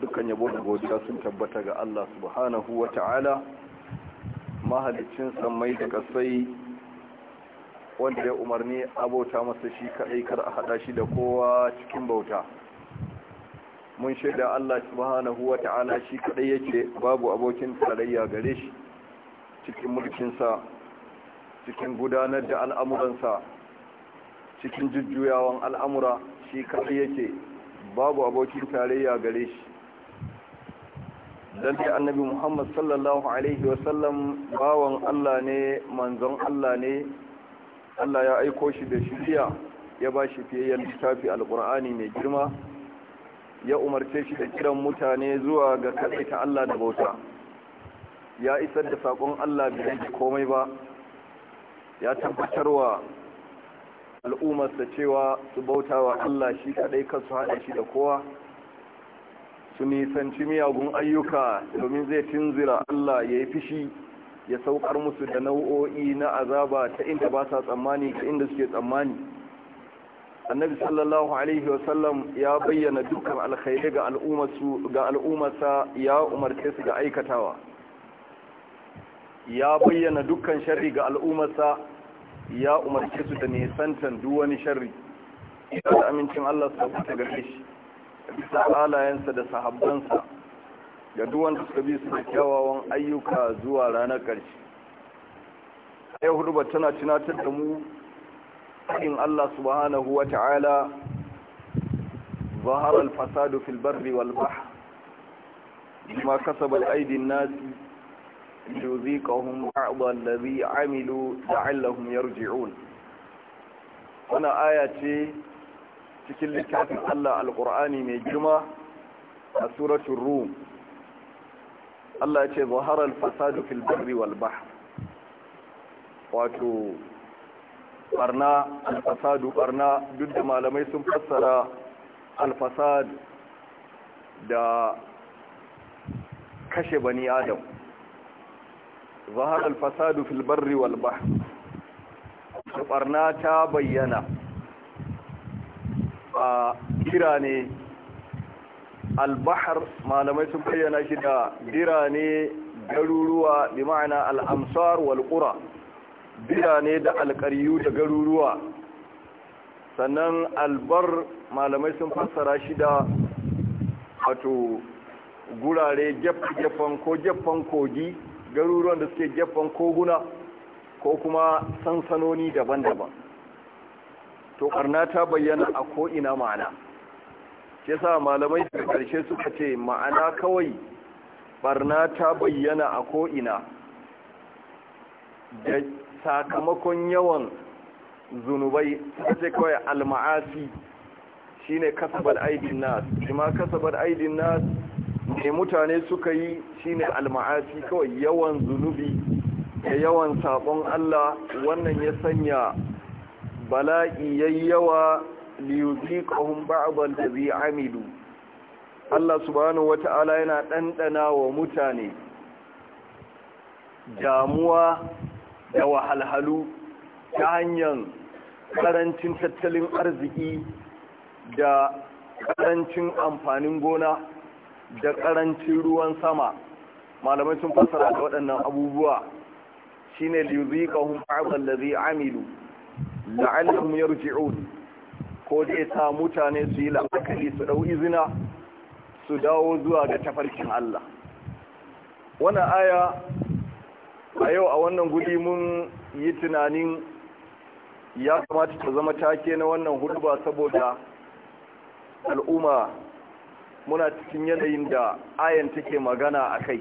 dukkan yabo da godiya sun tabbata ga Allah subhanahu wa ta'ala mahalicin samai da kasai wanda ya umarni abota masa shi kadai kar a hada shi da kowa cikin bauta mun shaida Allah subhanahu wa ta'ala shi kadai yake babu abokin tarayya gare shi cikin mulkinsa cikin gudanar da al'amuransa cikin jujjuyawan al'amura shi kadai yake babu abokin tarayya gare shi don ta annabi muhammad sallallahu alaihi wasallam bawan allah ne manzon allah ne allah ya aiko shi da shirya ya ba shi fiye fiyayyen littafi alkur'ani mai girma ya umarce shi da kiran mutane zuwa ga kaɗai ta allah da bauta ya isar da saƙon allah bai komai ba ya tabbatarwa al'ummarsa cewa su bauta wa Allah shi kaɗai kan su haɗa shi da kowa su nisanci miyagun ayyuka domin zai tunzira Allah ya yi fishi ya saukar musu da nau'o'i na azaba ta inda ba sa tsammani ta inda suke tsammani annabi sallallahu alaihi wasallam ya bayyana dukkan alkhairi ga al'ummarsa ya umarce su ga aikatawa ya bayyana dukkan sharri ga al'ummarsa ya umarci su da nisantan duwani sharri ita da amincin Allah su ta gare shi bisa alayensa da sahabbansa da suka bi su da kyawawan ayyuka zuwa ranar ƙarshe sai hudubar tana tunatar da mu in Allah subhanahu wa ta'ala ظهر barri wal البر والبحر بما كسبت أيدي الناس ليذيقهم بعض الذي عملوا yarji'un يرجعون aya ce cikin littafin Allah alkur'ani mai girma a suratun rum Allah ce zaharar fasadu fil barri wal bahr wato barna alfasadu barna duk da malamai sun fassara alfasad da kashe bani adam zahar alfasadu fil barri wal bahr barna ta bayyana a kira ne albahar malamai sun bayyana shida birane garuruwa bi ma'ana al'amsar wal birane da alƙaryu da garuruwa sannan albar malamai sun fassara shi wato gurare gefen ko gefen kogi garuruwan da suke gefen koguna ko kuma sansanoni daban-daban to karna ta bayyana a ko'ina ma'ana shi sa malamai daga ƙarshe suka ce ma'ana kawai barna ta bayyana a ko'ina da sakamakon yawan zunubai suka ce kawai alma'asi shine kasabar aidin nas shi ma kasabar aidin nas ke mutane suka yi shine alma'asi kawai yawan zunubi da yawan sabon Allah wannan ya sanya bala'i yayyawa liyuziqahum ba'd allazi amilu Allah subhanahu wata'ala yana dandana wa mutane damuwa da wahalhalu ta hanyar karancin tattalin arziki da karancin amfanin gona da ƙarancin ruwan sama malamai sun fassara da waɗannan abubuwa shine liyuziqahum ba'd allazi amilu la'allahum yarji'un ko dai sa mutane su yi la'akari su dau izina su dawo zuwa ga tafarkin Allah wannan aya a yau a wannan gudi mun yi tunanin ya kamata ta zama take na wannan hudba saboda al'umma muna cikin yanayin da ayan take magana a kai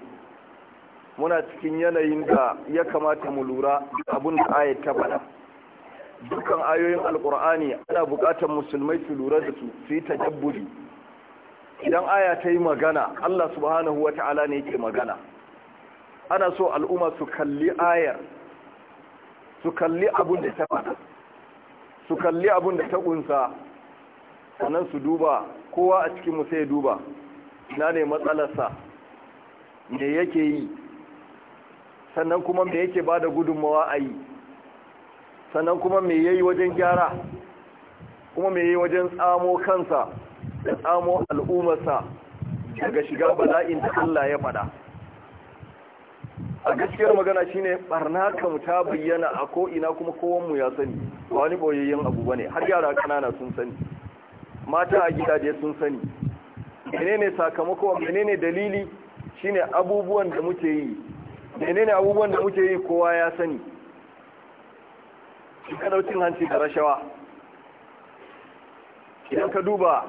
muna cikin yanayin da ya kamata mu lura abin da ayat ta dukkan ayoyin alkur'ani ana buƙatar musulmai su lura da su su yi tajabburi idan aya ta yi magana allah subhanahu wa ta'ala ne yake magana ana so al'umma su kalli ayar su kalli abin da ta faɗa su kalli abin da ta ƙunsa sannan su duba kowa a cikin mu sai duba ina ne matsalarsa me yake yi sannan kuma me yake ba da gudunmawa a yi sannan kuma me yayi wajen gyara kuma me yayi wajen tsamo kansa da tsamo al'ummarsa daga shiga bala'in da Allah ya faɗa a gaskiyar magana shine barna kam ta bayyana a ko ina kuma kowanmu ya sani ba wani boyayyen abu bane har yara kanana sun sani mata a gidaje sun sani menene sakamako menene dalili shine abubuwan da muke yi menene abubuwan da muke yi kowa ya sani ka daukin hanci da rashawa idan ka duba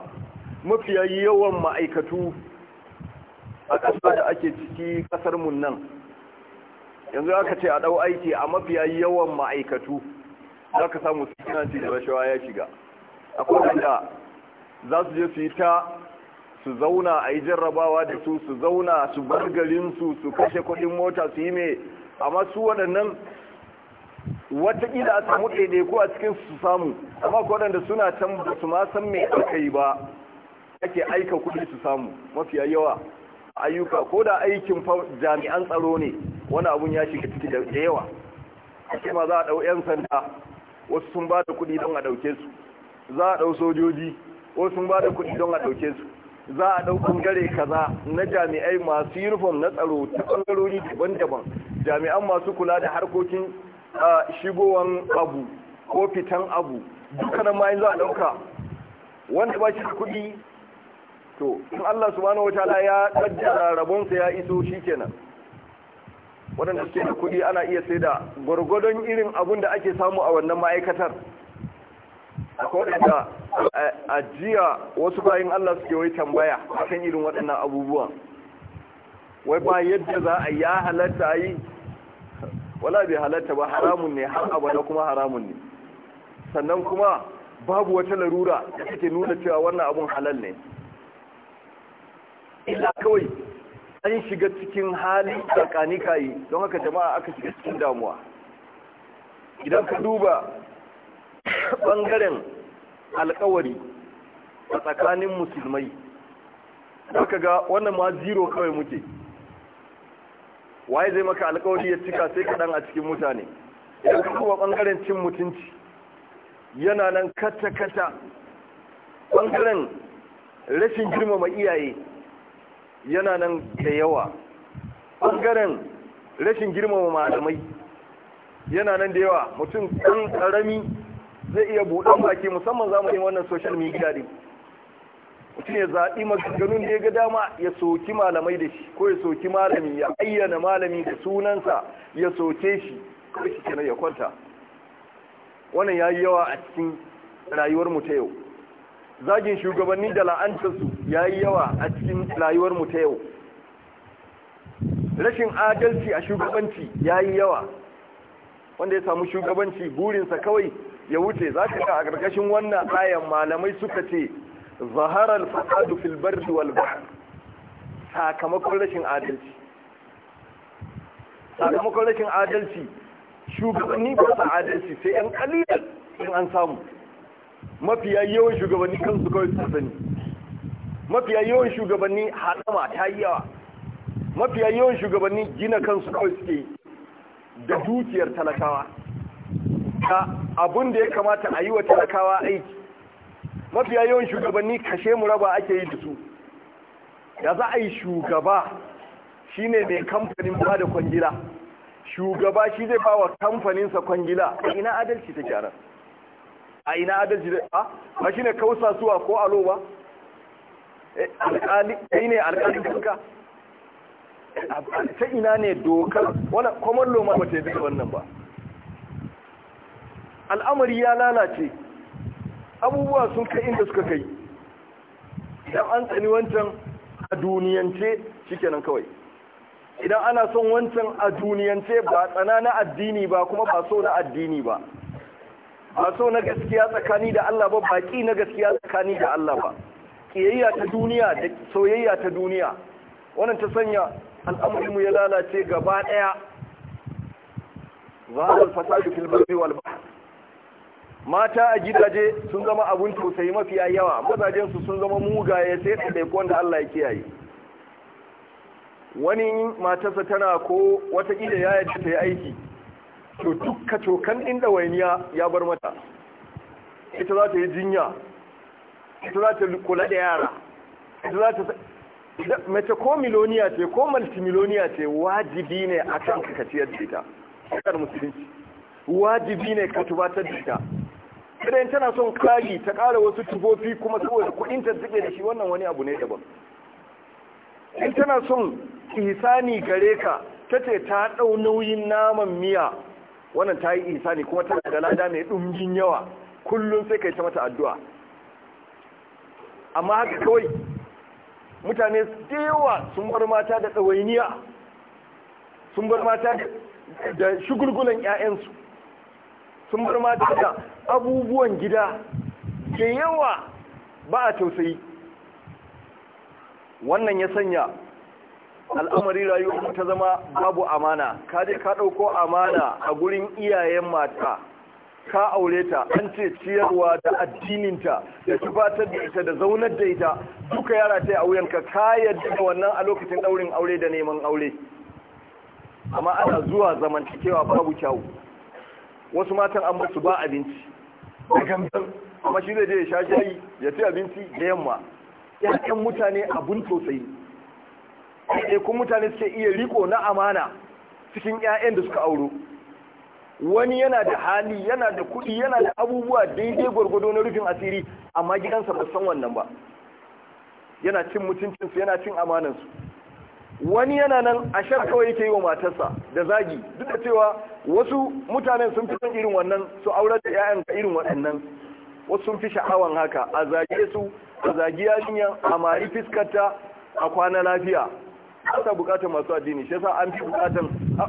mafiya yawan ma'aikatu a ƙasar da ake ciki ƙasar mun nan yanzu aka ce a ɗau aiki a mafiya yawan ma'aikatu za ka samu cikin hanci da rashawa ya shiga akwai wanda za su je su yi ta su zauna a yi jarrabawa da su su zauna su bar garinsu su kashe kudin mota su yi mai amma su waɗannan watakila a samu ɗaiɗai a cikin su samu amma ko waɗanda suna can ba su ma san mai aka yi ba ake aika kuɗi su samu mafiya yawa ayyuka ko da aikin jami'an tsaro ne wani abun ya shiga ciki da yawa ce ma za a ɗau 'yan sanda wasu sun ba da kuɗi don a ɗauke su za a ɗau sojoji ko sun ba da kuɗi don a ɗauke su za a ɗau ɓangare kaza na jami'ai masu uniform na tsaro ta ɓangarori daban-daban jami'an masu kula da harkokin shigowan abu ko fitan abu dukkanin ma za a ɗauka wanda ba shi da kuɗi to in Allah subhanahu wataala ya kaddara rabonsa ya iso shikenan wadanda suke da kuɗi ana iya sai da gwargwadon irin abun da ake samu a wannan ma'aikatar akwai da a wasu bayan Allah suke wai tambaya kan irin waɗannan abubuwan wai ba yadda za a ya halatta yi wala bai halatta ba haramun ne har abada kuma haramun ne sannan kuma babu wata larura da take nuna cewa wannan abun halal ne illa kawai an shiga cikin hali tsakani kayi don haka jama'a aka shiga cikin damuwa idan ka duba ɓangaren alkawari a tsakanin musulmai ka ga wannan ma zero kawai muke waye zai maka alkawari ya cika sai kaɗan a cikin mutane idan ka kuma ɓangaren cin mutunci yana nan kata-kata ɓangaren rashin girmama iyaye yana nan da yawa ɓangaren rashin girmama malamai yana nan da yawa mutum ɗan ƙarami zai iya buɗe baki musamman yi wannan social media din mutum ya zaɓi maganganun da ya ga dama ya soki malamai da shi ko ya soki malami ya ayyana malami da sunansa ya soke shi ko shi kenan ya kwanta wannan ya yi yawa a cikin rayuwar mu ta yau zagin shugabanni da la'antarsu ya yi yawa a cikin rayuwar mu ta yau rashin adalci a shugabanci ya yi yawa wanda ya samu shugabanci burinsa kawai ya wuce za ka ga a ƙarƙashin wannan ayan malamai suka ce zaharar fasadu fil bardi wal bahr sakamakon rashin adalci sakamakon rashin adalci shugabanni ba su adalci sai yan kalilan in an samu mafiya yawan shugabanni kansu kawai su sani mafiya yawan shugabanni halama ta yi yawa mafiya yawan shugabanni gina kansu kawai suke da dukiyar talakawa da abun da ya kamata a yi wa talakawa aiki mafiya yawan shugabanni kashe mu raba ake yi da su Ya za a yi shugaba shi ne mai kamfanin ba da kwangila shugaba shi zai ba wa kamfaninsa kwangila a ina adalci ta gyara? a ina adalci da a ba shi ne kausa suwa ko alo ba eh, alƙali ne alƙalin kanka eh, ta ina ne dokar wani kwamallo loma ba ta yi wannan ba al'amari ya lalace abubuwa sun kai inda suka kai idan an tsani wancan a duniyance nan kawai idan ana son wancan a duniyance ba tsana na addini ba kuma ba so na addini ba ba so na gaskiya tsakani da Allah ba baki na gaskiya tsakani da Allah ba kiyayya ta duniya da soyayya ta duniya wannan ta sanya al'amarin mu ya lalace gaba daya zahar fasadu fil barri wal mata a gidaje sun zama abun tausayi mafi yawa mazajen su sun zama mugaye sai da wanda Allah ya kiyaye wani matarsa tana ko wata kila ya yadda ta yi aiki to dukka cokan inda wainiya ya bar mata ita za ta yi jinya ita za ta kula da yara ita za ta mace ko miloniya ce ko multimiloniya ce wajibi ne a kan kakaciyar jita. ita ƙasar musulunci wajibi ne ka tubatar da ita idan tana son kari ta kara wasu tufofi kuma saboda kuɗin ta suke da shi wannan wani abu ne daban in tana son isani gare ka ta ce ta dau nauyin naman miya wannan ta yi isani kuma ta da lada mai ɗumbin yawa kullum sai ka yi ta mata addu'a amma haka kawai mutane da yawa sun bar mata da tsawainiya sun bar mata da shugulgulan 'ya'yansu sun bar mata da abubuwan gida ke yawa ba a tausayi wannan ya sanya al'amari rayuwa ta zama babu amana ka je ka ɗauko amana a gurin iyayen mata ka aure ta an ce ciyarwa da addininta da tufatar da ita da zaunar da ita duka yara ta yi wuyanka ka yadda da wannan a lokacin ɗaurin aure da neman aure amma ana zuwa zamantakewa babu kyau. wasu matan an basu ba abinci da gamsar kuma shi zai je ya sha shayi ya ci abinci da yamma ƴaƴan mutane abun sosai kun mutane suke iya riko na amana cikin ƴaƴan da suka auro wani yana da hali yana da kuɗi yana da abubuwa daidai gwargwado na rufin asiri amma gidansa ba san wannan ba yana cin mutuncinsu yana cin amanansu wani yana nan a shar kawai yake yi wa matarsa da zagi duk da cewa wasu mutanen sun fi son irin wannan su aurar da 'ya'yan ka irin waɗannan wasu sun fi sha'awan haka a zage su a zagi yarinyar a mari fiskarta a kwana lafiya asa bukatar masu addini shi yasa an fi bukatar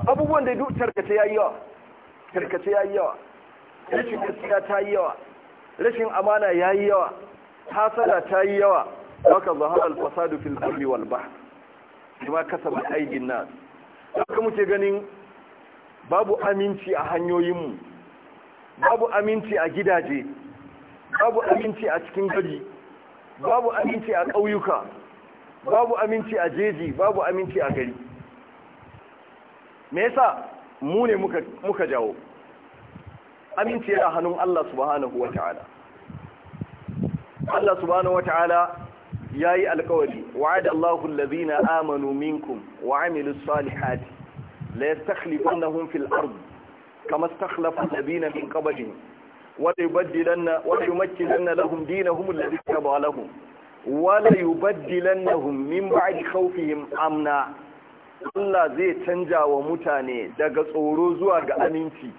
abubuwan da duk tarkace yayi yawa tarkace yayi yawa rashin gaskiya ta yi yawa rashin amana yayi yawa hasada ta yi yawa haka zahar al-fasadu fil ardi wal bahr bima kasabat aikin nas haka muke ganin babu aminci a hanyoyinmu babu aminci a gidaje babu aminci a cikin gari babu aminci a ƙauyuka babu aminci a jeji babu aminci a gari me yasa mu ne muka muka jawo aminci yana hannun Allah subhanahu wata'ala Allah subhanahu wata'ala ya yi alkawari wa'ada Allahu allazina amanu minkum wa amilus salihati la ya na hun fil ard kama istakhlafa allazina min wata yi qablihim na yubaddilanna wa yumakkinanna lahum dinahum alladhi tabaa lahum wa na hun min ba a ba'di khawfihim amna Allah zai canja wa mutane daga tsoro zuwa ga aminci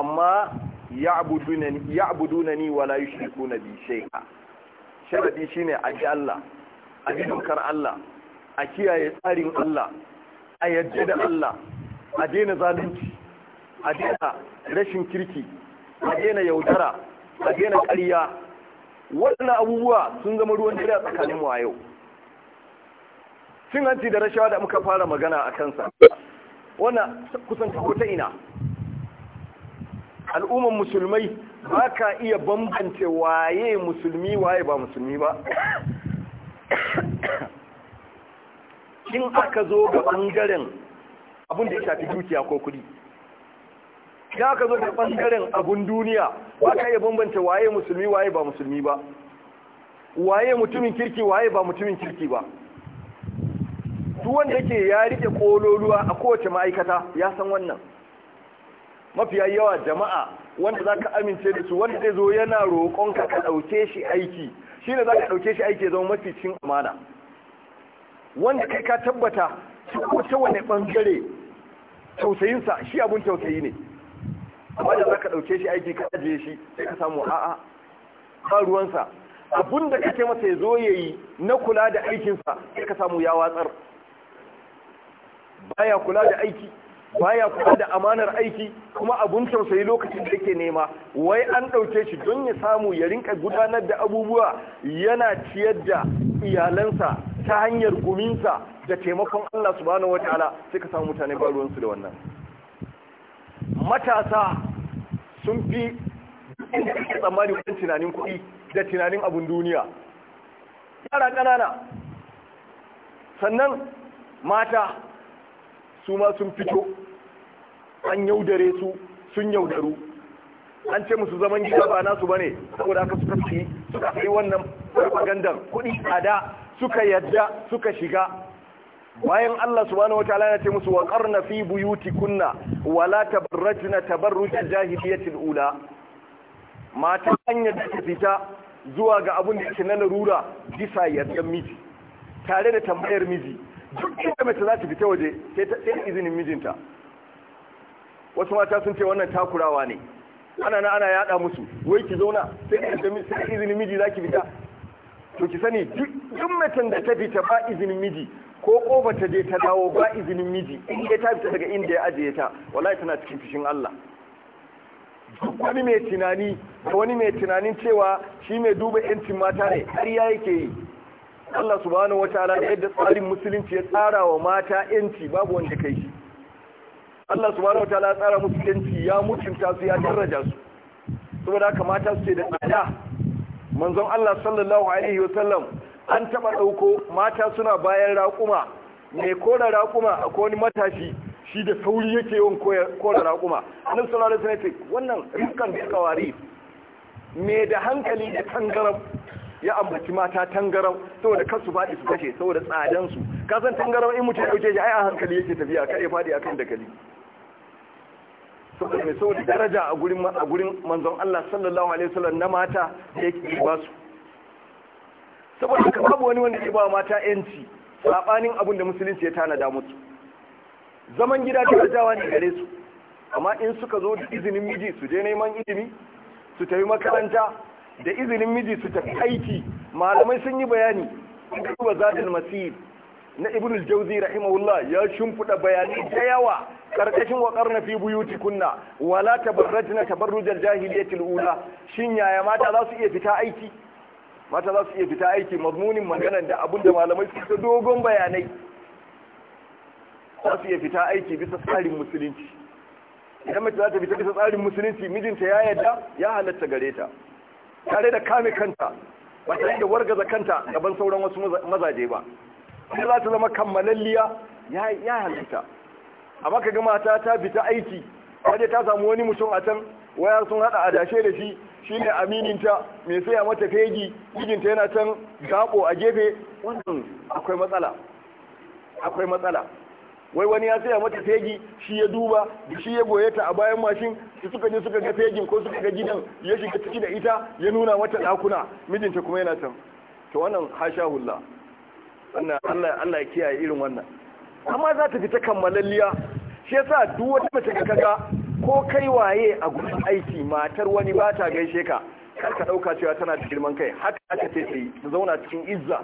amma ya ya'budunani ya'budunani wa la yushrikuna bi shay'a sharadi shine a ji Allah a ji dokar Allah a kiyaye tsarin Allah a yadda da Allah a daina zalunci a daina rashin kirki a daina yaudara a daina ƙarya waɗannan abubuwa sun zama ruwan dare a tsakanin mu a yau cin hanci da rashawa da muka fara magana a kansa wannan kusan ta ina al'umman musulmai ba ka iya bambance waye musulmi waye ba musulmi ba in aka zo ga bangaren abin da ya shafi dukiya ko kudi ya aka zo ga bangaren abin duniya ba ka iya bambance waye musulmi waye ba musulmi ba waye mutumin kirki waye ba mutumin kirki ba duwanda ke yake ya rike kololuwa a kowace ma'aikata ya san wannan mafiya yawa jama'a wanda za ka amince da su wanda zai zo yana roƙonka ka ɗauke shi aiki shi ne za ka ɗauke shi aiki zama mafi cin amana wanda kai ka tabbata ko ta wani ɓangare tausayinsa shi abun tausayi ne amma da za ka ɗauke shi aiki ka ajiye shi sai ka samu a'a ba ruwansa abun da kake masa ya zo ya yi na kula da aikinsa sai ka samu ya watsar baya kula da aiki baya kuma da amanar aiki kuma abun tausayi lokacin da yake nema wai an ɗauke shi don ya samu ya rinka gudanar da abubuwa yana ciyar da iyalansa ta hanyar guminsa da taimakon Allah subhanahu wataala sai ka samu mutane ba ruwansu da wannan matasa sun fi tsammani wajen tunanin kuɗi da tunanin abun duniya yara ƙanana sannan mata su ma sun fito an yaudare su sun yaudaru an ce musu zaman gida ba nasu bane saboda aka suka fi suka fi wannan propagandar kuɗi a da suka yadda suka shiga bayan Allah subhanahu wataala ya ce musu wa qarna fi buyutikunna wa la tabarrajna tabarruj jahiliyyati alula mata an yadda ta fita zuwa ga abun da yake na larura bisa yadda miji tare da tambayar miji duk inda mace za ta fita waje sai ta izinin mijinta wasu mata sun ce wannan takurawa ne ana na ana yada musu wai ki zauna sai izinin miji zaki fita to ki sani duk mutum da ta fita ba izinin miji ko kofa ta je ta dawo ba izinin miji in ya ta fita daga inda ya ajiye ta wallahi tana cikin fishin Allah wani mai tunani da wani mai tunanin cewa shi mai duba yancin mata ne har ya yake yi Allah subhanahu wataala da yadda tsarin musulunci ya tsara wa mata yanci babu wanda kai shi Allah subhanahu wataala ya tsara musu yanci ya mutunta su ya daraja su saboda haka mata su ce da tsada manzon Allah sallallahu alaihi wasallam an taba dauko mata suna bayan raƙuma mai kora raƙuma akwai wani matashi shi da sauri yake yawan kora raƙuma annabi sallallahu alaihi wasallam ce wannan rizkan da kawari me da hankali da tangaram ya ambaci mata tangarau saboda kasu ba su kashe saboda tsadansu kasan tangarau in mutum ya ɗauke shi ai a hankali yake tafiya kar fadi akan dakali saboda mai saboda daraja a gurin manzon Allah sallallahu alaihi wasallam na mata da yake ba su saboda ka babu wani wanda ke ba mata yanci saɓanin abin da musulunci ya tanada musu zaman gida darajawa ne gare su amma in suka zo da izinin miji su je neman ilimi su tafi makaranta da izinin miji su tafi aiki malamai sun yi bayani duba zadul masir na ibn al-jawzi rahimahullah ya shimfida bayani da yawa karkashin wa karna fi kunna, wala tabarrajna tabarruj al-jahiliyyah al-ula shin yaya mata za su iya fita aiki mata za su iya fita aiki mazmunin maganan da abinda malamai suke ta dogon bayanai za su iya fita aiki bisa tsarin musulunci idan mace za ta fita bisa tsarin musulunci mijinta ya yadda ya halatta gare ta tare da kame kanta ba tare da wargaza kanta gaban sauran wasu mazaje ba sai za ta zama kammalalliya ya halitta amma ka ga mata ta fita aiki wadda ta samu wani mutum a can waya sun hada adashe da shi shine amininta mai saya mata fegi mijinta yana can gabo a gefe wannan akwai matsala akwai matsala wai wani ya saya mata fegi shi ya duba da shi ya goye ta a bayan mashin su suka je suka ga fegin ko suka ga gidan ya shiga ciki da ita ya nuna mata dakuna mijinta kuma yana can to wannan hasha hulla wannan Allah Allah ya kiyaye irin wannan amma za ta fita kammalalliya shi yasa duk wata mace ka kaga ko kai waye a gurin aiki matar wani ba ta gaishe ka kar ka dauka cewa tana da girman kai haka aka ce sai ta zauna cikin izza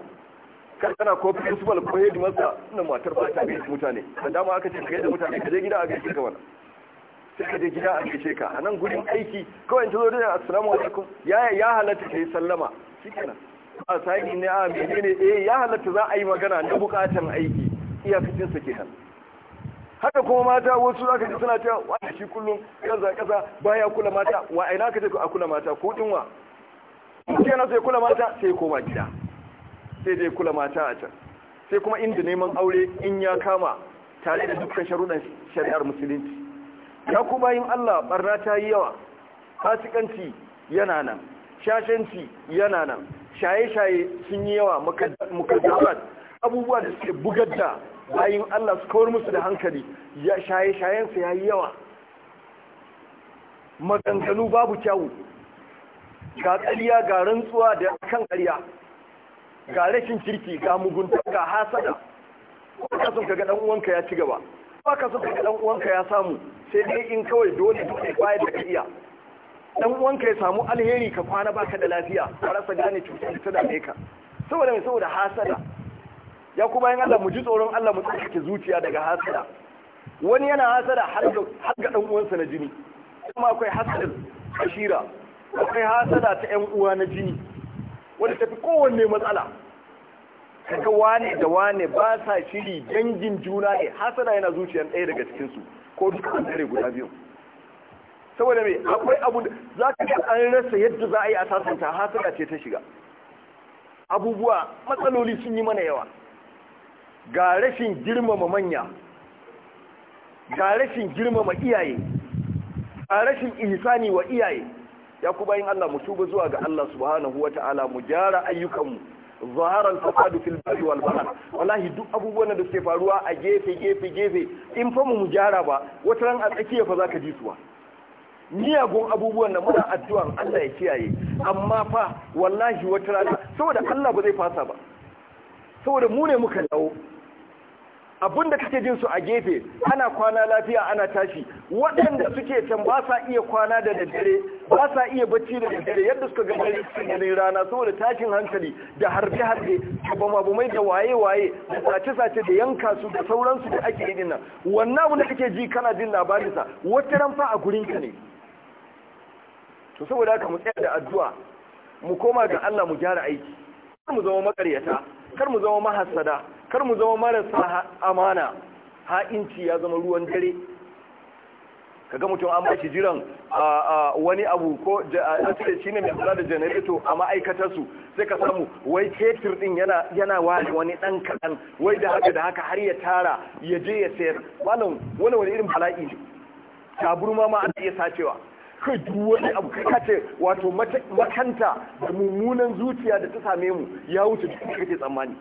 kar kana ko principal ko headmaster wannan matar ba ta gaishe mutane da dama aka ce ka gaishe mutane ka je gida a gaishe ka wannan sai ka je gida a gaishe ka a nan gurin aiki kawai ta zo da assalamu alaikum ya ya halatta ka yi sallama shikenan a sa'idi ne a ah, mai ne eh ya halatta za a yi magana na bukatan aiki iyakacin sa kenan haka kuma mata wasu ka ji suna cewa wa shi kullum kaza ba baya kula mata wa aina ka ce a kula mata ko din wa na sai kula mata sai koma gida sai dai kula mata a can sai kuma inda neman aure in ya kama tare da dukkan sharuɗan shari'ar musulunci ya kuma yin Allah barna ta yi yawa fasikanci yana nan shashanci yana nan shaye-shaye sun yi yawa mukaddamat abubuwa da suke bugar da bayin Allah su kawar musu da hankali ya shaye-shayensa ya yi yawa maganganu babu kyawu ga ƙarya ga rantsuwa da kan ƙarya ga rashin kirki ga mugunta ga hasada ba ka kaga dan uwanka ya ci gaba ba ka kaga dan uwanka ya samu sai dai in kawai dole dole baya da iya dan uwanka ya samu alheri ka kwana baka da lafiya ka rasa gane cutar ta dame ka saboda mai saboda hasada ya kuma yin Allah mu ji tsoron Allah mu tsarkake zuciya daga hasada wani yana hasada har ga ɗan uwansa na jini kuma akwai hasada ashira akwai hasada ta yan uwa na jini wanda tafi kowanne matsala kaga wane da wane ba sa shiri dangin juna ne hasada yana zuciyar ɗaya daga cikinsu ko an tare guda biyu saboda mai akwai abu za ka ga an rasa yadda za a yi a sasanta ce ta shiga abubuwa matsaloli sun yi mana yawa ga rashin girmama manya ga rashin girmama iyaye ga rashin ihsani wa iyaye ya ku bayin Allah mu tuba zuwa ga Allah subhanahu ta'ala mu gyara ayyukanmu zaharan Tafadu, fil bari wal bahar wallahi duk abubuwan da suke faruwa a gefe gefe gefe in fa mu gyara ba wata ran a tsakiya fa zaka ji suwa miyagun abubuwan na muna addu'an Allah ya kiyaye amma fa wallahi wata rana saboda Allah ba zai fasa ba saboda mu ne muka dawo abinda kake jin su a gefe ana kwana lafiya ana tashi waɗanda suke can ba sa iya kwana da daddare ba sa iya bacci da daddare yadda suka ga dare cikin rana saboda tashin hankali da harbe harbe da mai da waye waye da sace sace da yanka su da sauransu da ake yi dinnan wannan abun da kake ji kana jin labarinsa wata ran fa a gurin ka ne to saboda haka mu tsaya da addu'a mu koma ga Allah mu gyara aiki kar mu zama makaryata kar mu zama mahassada kar mu zama marasa amana ha'inci ya zama ruwan dare kaga mutum an bashi jiran wani abu ko asibiti shine mai kula da janareto a ma'aikatar su sai ka samu wai fetur din yana yana wani wani dan kadan wai da haka da haka har ya tara ya je ya sayar malam wani wani irin bala'i ne taburma ma ana iya sacewa kai duk wani abu kai ce wato makanta da mummunan zuciya da ta same mu ya wuce duk kake tsammani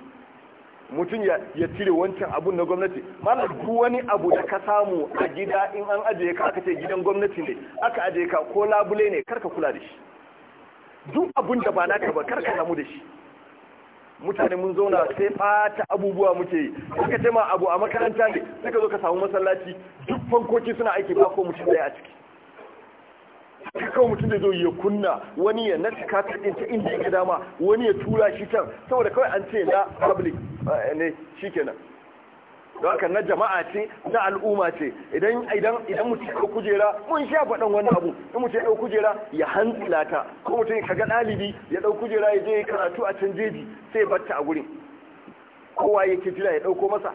mutum ya cire wancan abun na gwamnati mana duk wani abu da ka samu a gida in an ajiye ka aka ce gidan gwamnati ne aka ajiye ka ko labule ne karka kula da shi duk abun da ba naka ba karka samu da shi mutane mun zauna sai fata abubuwa muke yi suka ce ma abu a makaranta ne suka zo ka samu masallaci duk fankoki suna aiki ba ko mutum daya a ciki Kawai mutum da zo ya kunna wani ya nata kata ta inda ya dama wani ya tura shi can saboda kawai an ce na public ne shi kenan don haka na jama'a ce na al'umma ce idan idan idan mutum ya kujera mun sha faɗan wani abu in mutum ya ɗau kujera ya hantsila ta ko mutum ya kaga ɗalibi ya ɗau kujera ya je karatu a can jeji sai ya batta a gurin kowa yake jira ya ɗauko masa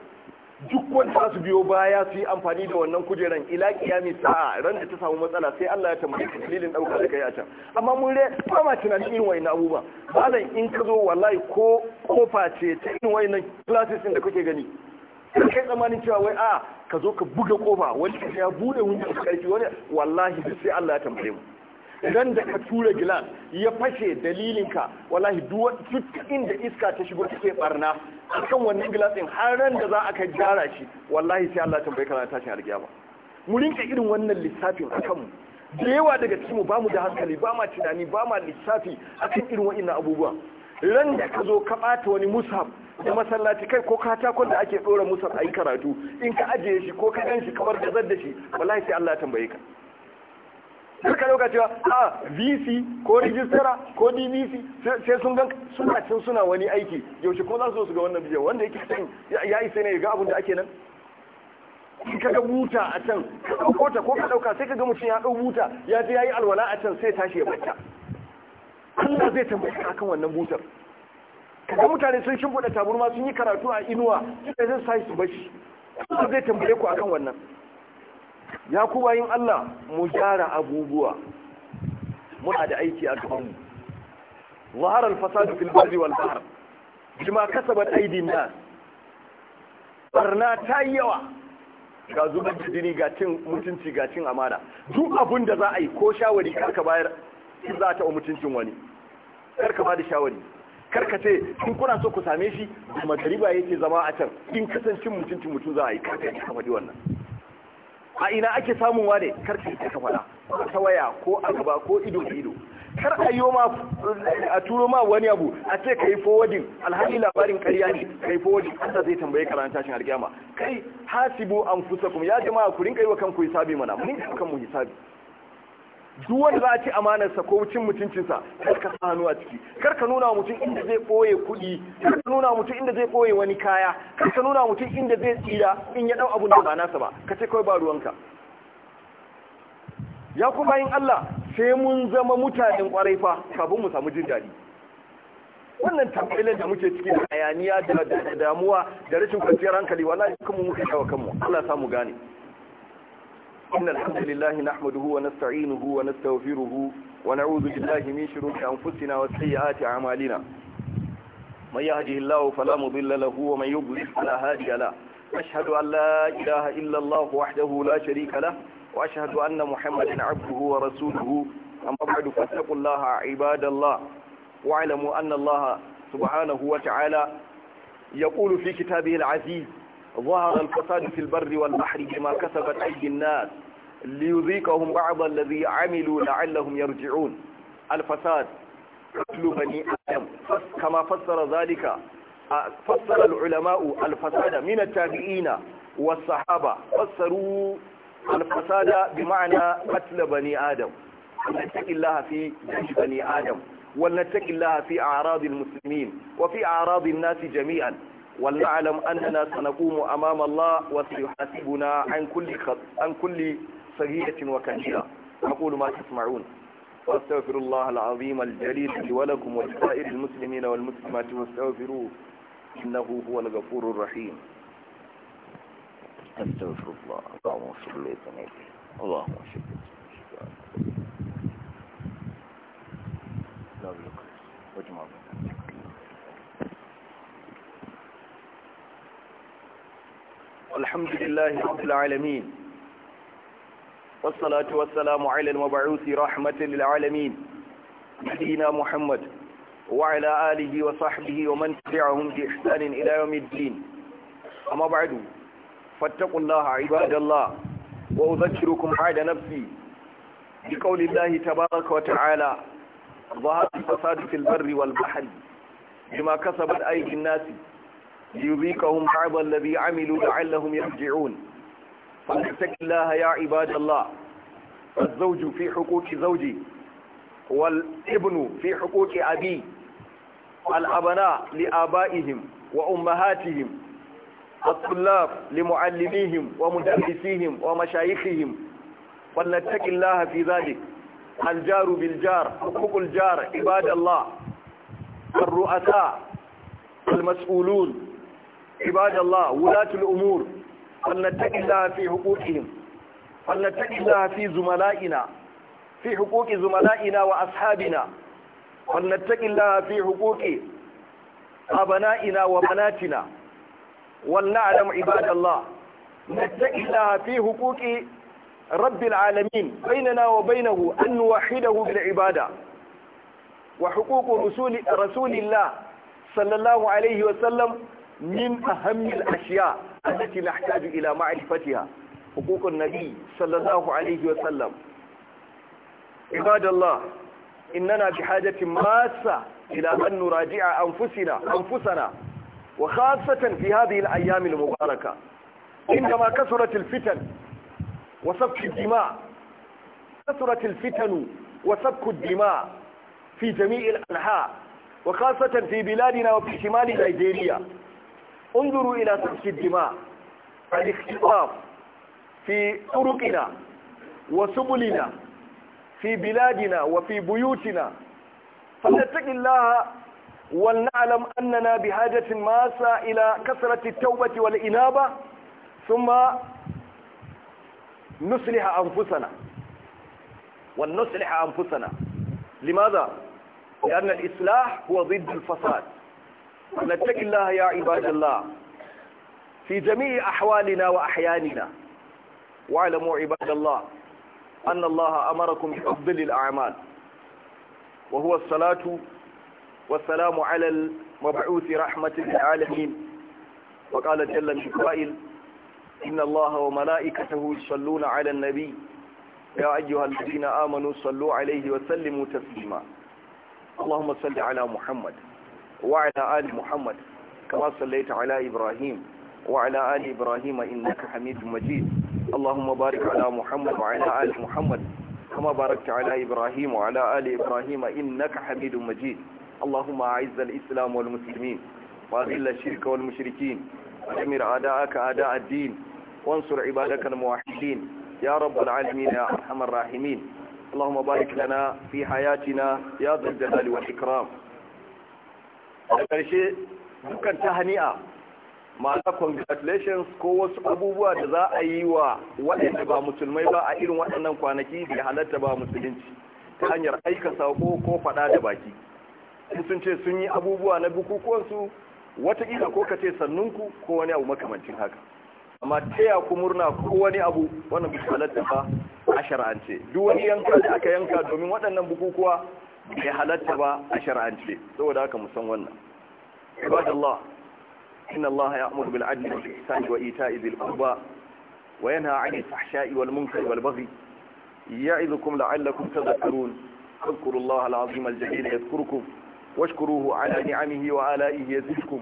duk wanda su biyo baya su yi amfani da wannan kujeran ila kiyami sa'a ran da ta samu matsala sai Allah ya tambaye ka dalilin dauka da kai a can amma mun re ba ma tunanin irin wayannan abubuwa malam in ka zo wallahi ko kofa ce ta irin wayannan classes din da kuke gani kai tsamanin cewa wai a ah, ka zo ka buga kofa wani ya bude wani karfi wani wallahi sai Allah ya tambaye mu ran da ka tura gilas ya fashe dalilinka wallahi duk inda iska ta shigo take barna akan wannan gilas din har ran da za a ka gyara shi wallahi sai Allah tambaye kana tashin ba. mu rinka irin wannan lissafin akan mu da yawa daga cikin mu bamu da hankali ba ma tunani ba ma lissafi a kan irin waɗannan abubuwa ran da ka zo ka ɓata wani musab da masallaci kai ko katakon da ake ɗora musab a yi karatu in ka ajiye shi ko ka gan shi kamar da da shi wallahi sai Allah tambaye ka suka dauka cewa a ah, vc ko rijistara ko dvc sai sun gan suna cin suna wani aiki yaushe kuma za su su ga wannan bidiyo wanda yake san ya isa ne ga abin da ake nan ka ga buta a can ka dauko ta ko ka dauka sai ka ga mutum ya dau buta ya je yayi alwala a can sai tashi ya bacca Allah zai tambaye ka kan wannan butar kaga mutane sun shimfiɗa taburma sun yi karatu a inuwa sai su tashi su bashi Allah zai tambaye ku akan wannan ya kuma yin Allah mu gyara abubuwa muna da aiki a gabanmu ظهر الفساد في البر والبحر بما كسبت ايدي الناس barna ta yi yawa ga zubar da jini ga cin mutunci ga cin amana duk abin da za a yi ko shawari karka bayar za ta mutuncin wani karka ba da shawari karka ce in kuna so ku same shi kuma magariba yake zama a can in kasancin mutuncin mutum za a yi karka yi kamar wannan a ina ake samun wane karka ta ka faɗa ta waya ko a gaba ko ido da ido kar a yi ma a turo ma wani abu a ce ka yi fowadin alhali labarin karya ne ka yi fowadin Allah zai tambaye karanta tashin alkiyama kai hasibu an kuma ya jama'a ku rinka yi wa kanku hisabi mana mun yi kanmu hisabi duk wanda za a ci amanarsa ko cin mutuncinsa kar ka sa a ciki kar ka nuna mutum inda zai ɓoye kuɗi kar ka nuna mutum inda zai ɓoye wani kaya kar ka nuna mutum inda zai tsira in ya dau abun da ba nasa ba ka ce kawai ba ruwanka ya kuma yin Allah sai mun zama mutanen ƙwarai fa kafin mu samu jin daɗi wannan tambayar da muke ciki da hayaniya da damuwa da rashin kwanciyar hankali wallahi kuma muke shawo kanmu Allah ya samu gane إن الحمد لله نحمده ونستعينه ونستغفره ونعوذ بالله من شرور أنفسنا وسيئات أعمالنا من يهده الله فلا مضل له ومن يضلل فلا هادي له أشهد أن لا إله إلا الله وحده لا شريك له وأشهد أن محمدا عبده ورسوله أما بعد فاتقوا الله عباد الله واعلموا أن الله سبحانه وتعالى يقول في كتابه العزيز ظهر الفساد في البر والبحر بما كسبت أيدي الناس ليذيقهم بعض الذي عملوا لعلهم يرجعون الفساد قتل بني آدم كما فسر ذلك آه، فسر العلماء الفساد من التابعين والصحابة فسروا الفساد بمعنى قتل بني آدم ولنتق الله في جيش بني آدم ولنتق الله في أعراض المسلمين وفي أعراض الناس جميعا ولنعلم أننا سنقوم أمام الله وسيحاسبنا عن كل خط عن كل صغيرة وكبيرة أقول ما تسمعون وأستغفر الله العظيم الجليل لي ولكم ولسائر المسلمين والمسلمات واستغفروه إنه هو الغفور الرحيم أستغفر الله اللهم صل وسلم اللهم صل وسلم واجمع بيننا alhamdulillahi rabbil alamin wassalatu wassalamu ala al-mab'uthi rahmatan lil alamin nabiyina muhammad wa ala alihi wa sahbihi wa man tabi'ahum bi ihsan ila yawm al-din amma ba'du fattaqullaha ibadallah wa udhakkirukum hada nafsi bi qawlillahi tabaarak wa ta'ala dhahabat fasadu fil barri wal bahri bima kasabat aydi an-nasi ليذيقهم بعض الذي عملوا لعلهم يرجعون فليتق الله يا عباد الله الزوج في حقوق زوجي والابن في حقوق أبي الأبناء لآبائهم وأمهاتهم الطلاب لمعلميهم ومدرسيهم ومشايخهم فلنتك الله في ذلك الجار بالجار حقوق الجار عباد الله الرؤساء المسؤولون عباد الله ولاة الأمور فلنتق الله في حقوقهم فلنتق الله في زملائنا في حقوق زملائنا وأصحابنا فلنتق الله في حقوق أبنائنا وبناتنا ولنعلم عباد الله نتق الله في حقوق رب العالمين بيننا وبينه أن نوحده بالعبادة وحقوق رسول, رسول الله صلى الله عليه وسلم من أهم الأشياء التي نحتاج إلى معرفتها حقوق النبي صلى الله عليه وسلم عباد الله إننا بحاجة ماسة إلى أن نراجع أنفسنا أنفسنا وخاصة في هذه الأيام المباركة عندما كثرت الفتن وسفك الدماء كثرت الفتن وسفك الدماء في جميع الأنحاء وخاصة في بلادنا وفي شمال نيجيريا انظروا إلى سفك الدماء الاختطاف في طرقنا وسبلنا في بلادنا وفي بيوتنا فلنتق الله ولنعلم أننا بحاجة ماسة إلى كثرة التوبة والإنابة ثم نصلح أنفسنا ونصلح أنفسنا لماذا؟ لأن الإصلاح هو ضد الفساد نتقي الله يا عباد الله في جميع أحوالنا وأحياننا واعلموا عباد الله أن الله أمركم بأفضل الأعمال وهو الصلاة والسلام على المبعوث رحمة للعالمين وقال جل من قائل إن الله وملائكته يصلون على النبي يا أيها الذين آمنوا صلوا عليه وسلموا تسليما اللهم صل على محمد وعلى آل محمد كما صليت على إبراهيم وعلى آل إبراهيم إنك حميد مجيد اللهم بارك على محمد وعلى آل محمد كما باركت على إبراهيم وعلى آل إبراهيم إنك حميد مجيد اللهم أعز الإسلام والمسلمين وأذل الشرك والمشركين ودمر أعداءك أعداء الدين وانصر عبادك الموحدين يا رب العالمين يا أرحم الراحمين اللهم بارك لنا في حياتنا يا ذا الجلال والإكرام da ƙarshe dukkan ta hani'a ma'ana congratulations ko wasu abubuwa da za a yi wa waɗanda ba musulmai ba a irin waɗannan kwanaki da halatta ba musulunci ta hanyar aika sako ko faɗa da baki in sun ce sun yi abubuwa na bukukuwansu wataƙila ko ka ce sannunku ko wani abu makamancin haka amma ya ku murna ko wani abu wannan bi halatta ba a ce. duk wani yanka da aka yanka domin waɗannan bukukuwa bai halatta ba a shar'ance saboda haka musan wannan ibadallah inna allaha ya'muru bil adli wal ihsani wa ita'i dhil qurba wa yanha 'anil fahsha'i wal munkari wal baghi ya'idukum la'allakum tadhakkarun اذكروا الله العظيم الجليل يذكركم واشكروه على نعمه وآلائه يزدكم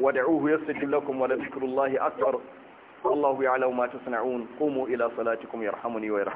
ودعوه يستجب لكم ولذكر الله أكبر والله يعلم ما تصنعون قوموا إلى صلاتكم يرحمني ويرحمني